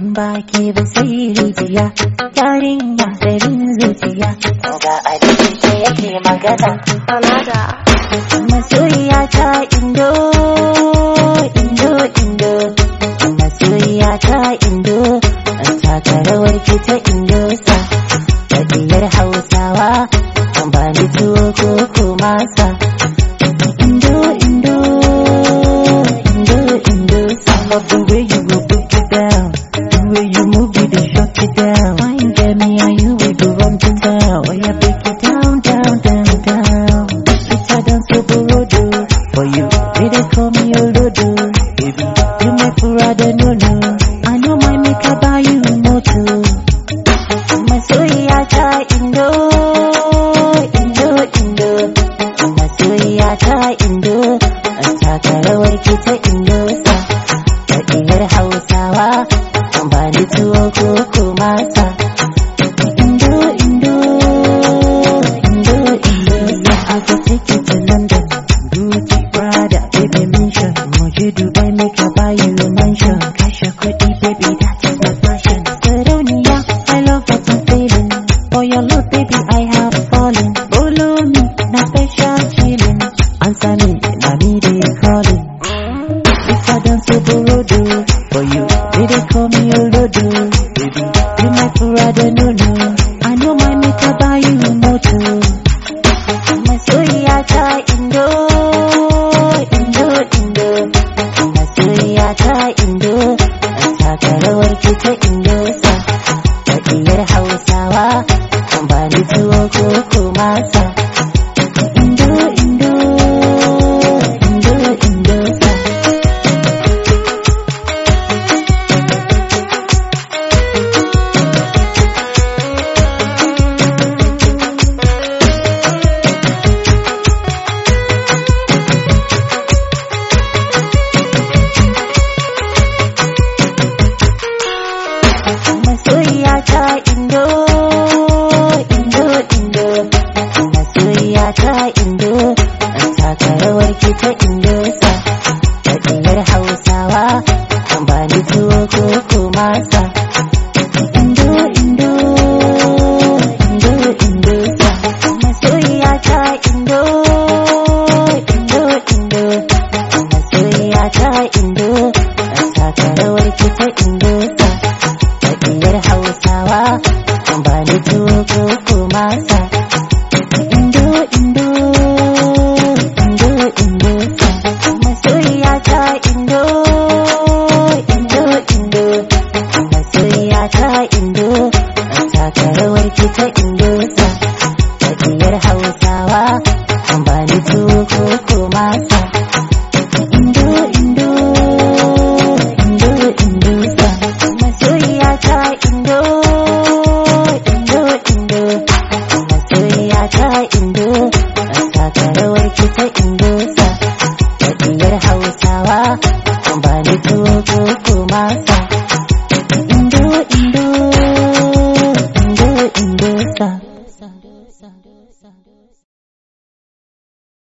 in ba ke ba sai rijiya yarinya zarin zuciya ko ba a da yake magana amada masoyiya ta indo down. Indo, Indo Indo, Indo to Gucci, Prada, baby Dubai, make a buy a mansion Cash baby, that's my passion I love feeling For your love, baby, I have fallen Follow me, special feeling Answer me, calling If I dance to the road, masoyiya ta indo indo indo masoyiya ta indo ta indo sa ta hausawa an ko masa indo Indus